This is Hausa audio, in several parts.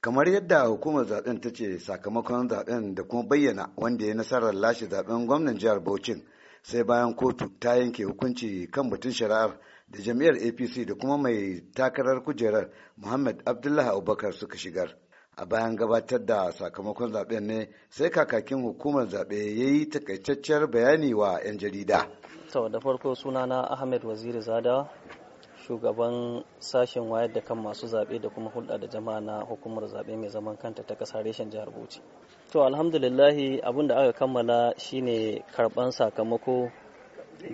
kamar yadda hukumar zaben ta ce sakamakon zaben da kuma bayyana wanda ya nasarar lashe zaben gwamnan jihar Bauchi sai bayan kotu ta yanke hukunci kan batun shari'ar da jami'ar APC da kuma mai takarar kujerar Muhammad Abdullahi Abubakar suka shigar. A bayan gabatar da sakamakon zaben ne sai kakakin hukumar zaɓe ya yi takaitacciyar bayani wa 'yan jarida. To da farko sunana Ahmed Waziri Zada shugaban sashen wayar da kan masu zaɓe da kuma hulɗa da jama'a na hukumar zaɓe mai zaman kanta ta ƙasa reshen jihar Bauchi. To alhamdulillahi abin da aka kammala shine karɓan sakamako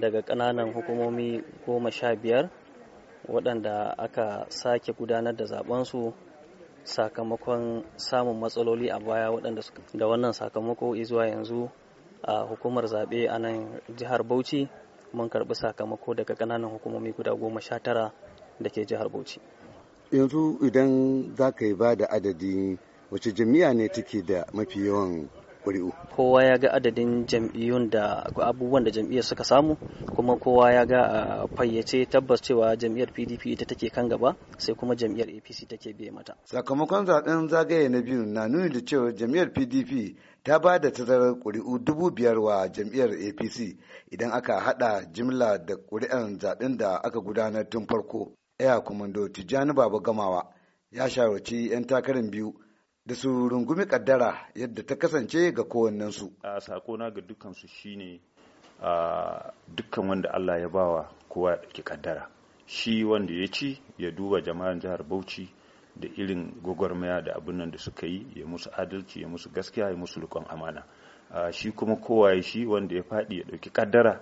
daga ƙananan hukumomi goma sha biyar waɗanda aka sake gudanar da zaɓensu sakamakon samun matsaloli a baya waɗanda da wannan sakamako izuwa yanzu a hukumar zaɓe a nan jihar Bauchi mun karɓi sakamako daga ƙananan hukumomi guda goma sha tara da ke jihar bauchi yanzu idan za ka yi ba da adadin wace jami'a ne take da mafi yawan ƙuri'u kowa ya ga adadin jam'iyyun da abubuwan da jam'iyyar suka samu kuma kowa ya ga a fayyace tabbas cewa jam'iyyar pdp ita take kan gaba sai kuma jam'iyyar apc take biye mata sakamakon zaben zagaye na biyu na nuni da cewa jam'iyyar pdp ta ba da tazarar ƙuri'u dubu biyar wa jam'iyyar apc idan aka haɗa jimla da ƙuri'ar zaɓen da aka gudanar tun farko Eya Kumando Tijjani Baba Gamawa ya shawarci 'yan takarar biyu da su rungumi kaddara yadda ta kasance ga kowannensu. A sakona ga dukansu shine a dukkan wanda Allah ya bawa kowa ke kaddara. Shi wanda ya ci ya duba jama'an jihar Bauchi da irin gwagwarmaya da abin nan da suka yi ya musu adalci ya musu gaskiya ya musu rikon amana. Shi kuma kowa ya shi wanda ya faɗi ya ɗauki kaddara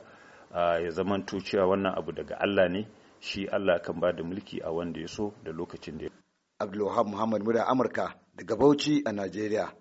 ya zamanto cewa wannan abu daga Allah ne shi Allah kan ba da mulki a wanda ya so da lokacin da ya Abdulwahab Muhammad Muda Amurka daga Bauchi a Najeriya.